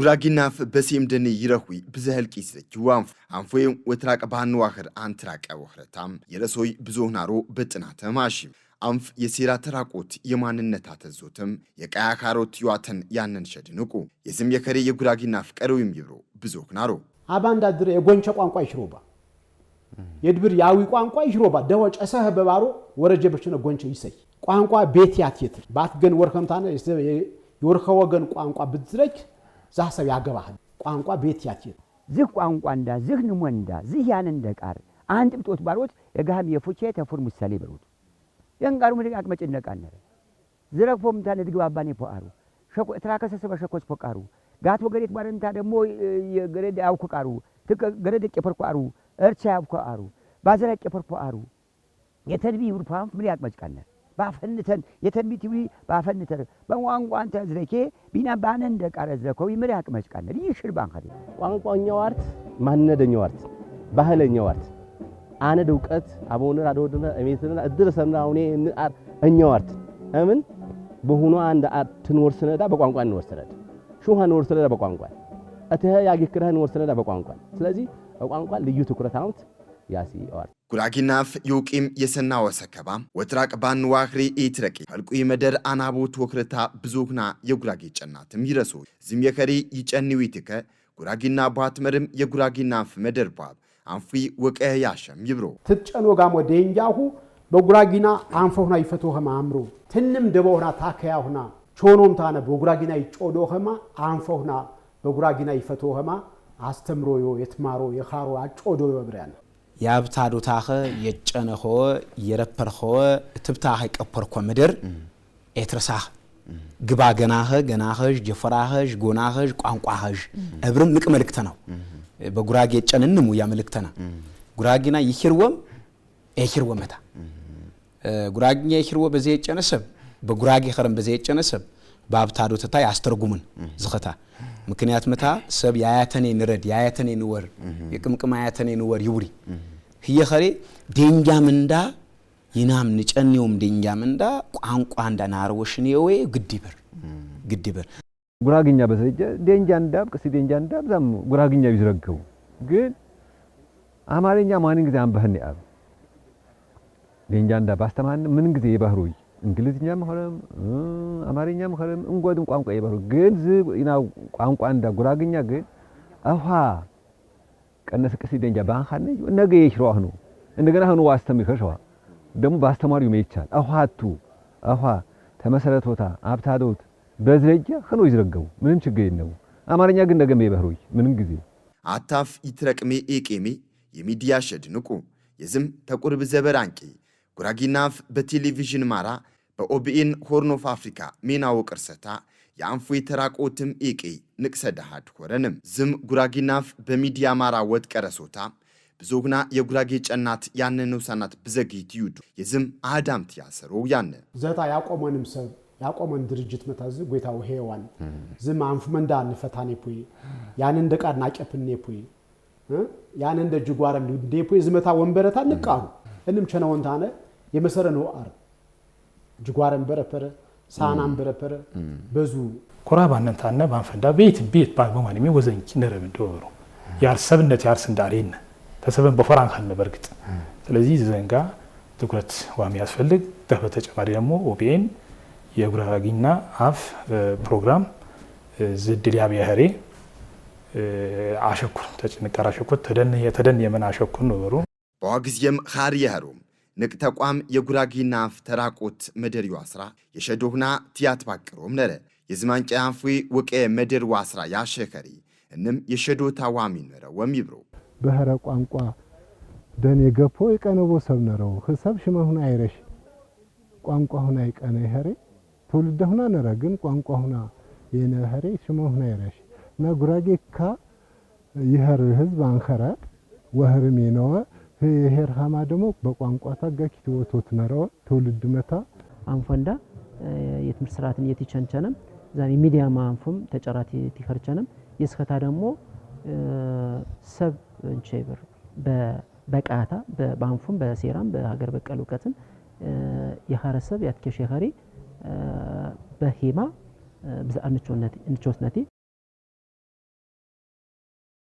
ጉራጊናፍ በሴምደን ይረሁይ ብዘህልቂ ይስረጅዋ አንፎ ወትራቅ ባንዋህር አንትራቀ ወህረታም የረሶይ ብዙህናሮ በጥናተ ማሽም አንፍ የሴራ ተራቆት የማንነት አተዞትም የቀያ ካሮት ዩዋተን ያንን ሸድንቁ የዝም የከሬ የጉራጊናፍ ቀረዊም ይብሮ ብዙህናሮ አባንዳድር የጎንቸ ቋንቋ ይሽሮባ የድብር ያዊ ቋንቋ ይሽሮባ ደወጨ ሰህ በባሮ ወረጀ በሽነ ጎንቸ ይሰይ ቋንቋ ቤት ያትየትር ባትገን ወርኸምታነ የወርከ ወገን ቋንቋ ብትዝረጅ ዛ ሰብ ያገባህ ቋንቋ ቤት ያትየ ዝህ ቋንቋ እንዳ ዝህ ንሞንዳ ዝህ ያን እንደ ቃር አንድ ብጦት ባሮት የጋህም የፉቼ ተፉር ሙሳሌ በሮት የንቃሩ ምድግ አቅመጭ ነቃነረ ዝረግፎ ምታነ ድግባባኔ ፖአሩ ትራከሰሰበ ሸኮች ፖቃሩ ጋት ወገሬት ባረምታ ደግሞ ገረድ ያውኩ ቃሩ ገረድ ቄፐርኩ አሩ እርቻ ያብኩ አሩ ባዘራ ቄፐርኩ አሩ የተድቢ ብርፓም ምን ያቅመጭ ቃነር ባፈንተን የተንቢትዊ በቋንቋ አንተ ተዝረኬ ቢና ባነ እንደ ቃረ ዝረኮዊ ምሪያቅ መጭቃነ ይህ ሽርባን ኸሪ ቋንቋኛው አርት ማነደኛው አርት ባህለኛው አርት አነድ እውቀት አቦነር አደወድነ እድር ሰምና አሁኔ እንአር እኛው አርት እምን በሆኗ አንድ አርት ንወርስነዳ በቋንቋ ንወርስነዳ ሹሃ ንወርስነዳ በቋንቋ እትህ ያጊክረህ ንወርስነዳ በቋንቋ ስለዚህ በቋንቋ ልዩ ትኩረት አውት ያሲ አርት ጉራጊናፍ የውቂም የሰና ወሰከባ ወትራቅ ባን ዋኽሪ ኢትረቂ ፈልቁ መደር አናቦት ወክረታ ብዙክና የጉራጌ ጨናትም ይረሱ ዝም የከሪ ይጨኒው ይትከ ጉራጊና ባትመርም የጉራጊናፍ መደር ቧብ አንፊ ወቀህ ያሸም ይብሮ ትጨኖ ጋሞ ደንጃሁ በጉራጊና አንፎና ይፈቶ ኸማ አምሮ ትንም ደቦና ታከያሁና ቾኖም ታነ በጉራጊና ይጮዶ ኸማ አንፎና በጉራጊና ይፈቶ ኸማ አስተምሮ የትማሮ የኻሮ አጮዶ ይወብራል የአብታዶታኸ የጨነኸወ የረፐርኸወ ትብታኸ ይቀፐርኮ ምድር ኤትርሳህ ግባ ገናኸ ጀፈራኸ ጎናኸ ቋንቋኸ እብርም ንቅ መልክተ ነው በጉራጌ ጨንንሙ ያ ና ጉራጊና ይሂርወም መታ ጉራጊኛ ይሂርወ በዘ ሰብ በጉራጌ ኸረም በዘ ሰብ ባብታዶ ተታ ያስተርጉምን ዝኸታ ምክንያት መታ ሰብ የኣያተነይ ንረድ የኣያተነይ ንወር የቅምቅም ኣያተነይ ንወር ይውሪ ህየ ኸሬ ደንጃም እንዳ ይናም ንጨኔውም ደንጃም እንዳ ቋንቋ እንዳ ናርወሽንየወ ግዲበር ግዲበር ጉራግኛ በሰጀ ደንጃ እንዳብ ቅስ ደንጃ እንዳብ ዛም ጉራግኛ ይዝረገቡ ግን አማርኛ ማንን ጊዜ አንባህን ያብ ደንጃ እንዳብ አስተማን ምን ጊዜ የባህሩይ እንግሊዝኛም ሆነም አማርኛም ሆነም እንጎድም ቋንቋ ይበሩ ግን ዝ ዝና ቋንቋ እንዳ ጉራግኛ ግን አፋ ቀነስ ቅስ ደንጃ ባንኻነ ነገ የሽሮ አሁኑ እንደገና ሆኖ ዋስተም ይከሽዋ ደግሞ ባስተማሪው መይቻል አፋቱ አፋ ተመሰረቶታ አብታዶት በዝረጃ ኸኖ ይዝረገቡ ምንም ችግር የለው። አማርኛ ግን ነገ መይበሩይ ምንም ጊዜ አታፍ ይትረቅሜ ኤቄሜ የሚዲያ ሸድ ንቁ የዝም ተቁርብ ዘበር አንቄ ጉራጊናፍ በቴሌቪዥን ማራ በኦቢኤን ሆርን ኦፍ አፍሪካ ሜናዎ ቅርሰታ የአንፎይ ተራቆትም ኤቄይ ንቅሰዳሃድ ሆረንም ዝም ጉራጊናፍ በሚዲያ ማራ ወጥ ቀረሶታ ብዙግና የጉራጌ ጨናት ያነ ነውሳናት ብዘግይት ይዱ የዝም አዳምት ያሰሮ ያነ ዘታ ያቆመንም ሰብ ያቆመን ድርጅት መታዝ ጎይታ ሄዋን ዝም አንፉ መንዳ አንፈታኔ ፑይ ያን እንደ ቃድ ናቀፍን ፑይ ያን እንደ ጅጓረ እንዴ ፑይ ዝመታ ወንበረታ ንቃሩ እንም ቸነወንታነ የመሰረ ነው አር ጅጓረን በረፐረ ሳናን በረፐረ በዙ ኮራ ባነንታነ ባንፈንዳ ቤት ቤት ባግበማን የሚ ወዘንኪ ነረብ እንደወሩ የአርሰብነት የአርስ እንዳሬነ ተሰበን በፈራን ካልነ በርግጥ ስለዚህ ዘንጋ ትኩረት ዋሚ ያስፈልግ ተፈ ተጨማሪ ደግሞ ኦቢኤን የጉራጊና አፍ ፕሮግራም ዝድል ብሔሬ አሸኩር ተጭንቀር አሸኩር ተደን የመን አሸኩር ነበሩ በዋ ጊዜም ኻር የኸሩ ንቅ ተቋም የጉራጊና አፍ ተራቆት መደር ዋስራ የሸዶሁና ትያት ባቅሮም ነረ የዝማንጨ አንፉ ወቀ መደር ዋስራ ያሸከሪ እንም የሸዶ ታዋሚ ነረወም ይብሮ በህረ ቋንቋ ደን የገፎ የቀነቦ ሰብ ነረው ህሰብ ሽመሁና አይረሽ ቋንቋ ሁና ይቀነ ይሄሬ ትውልደ ሁና ነረ ግን ቋንቋ ሁና የነሄሬ ሽመሁና አይረሽ እና ጉራጌካ ካ ህዝብ አንኸረ ወህርም ይነወ ሀማ ደግሞ በቋንቋ ታጋኪ ትወቶት ነረወ ትውልድ መታ አንፈንዳ የትምህርት ስርዓትን የትቸንቸንም ዛኔ ሚዲያ ማንፉም ተጨራት ቲከርቸንም የስከታ ደግሞ ሰብ እንቼብር በቃታ በአንፎም በሴራም በሀገር በቀል እውቀትን የኸረሰብ ያትኬሽ የኸሬ በሄማ ብዛዕንቾትነቴ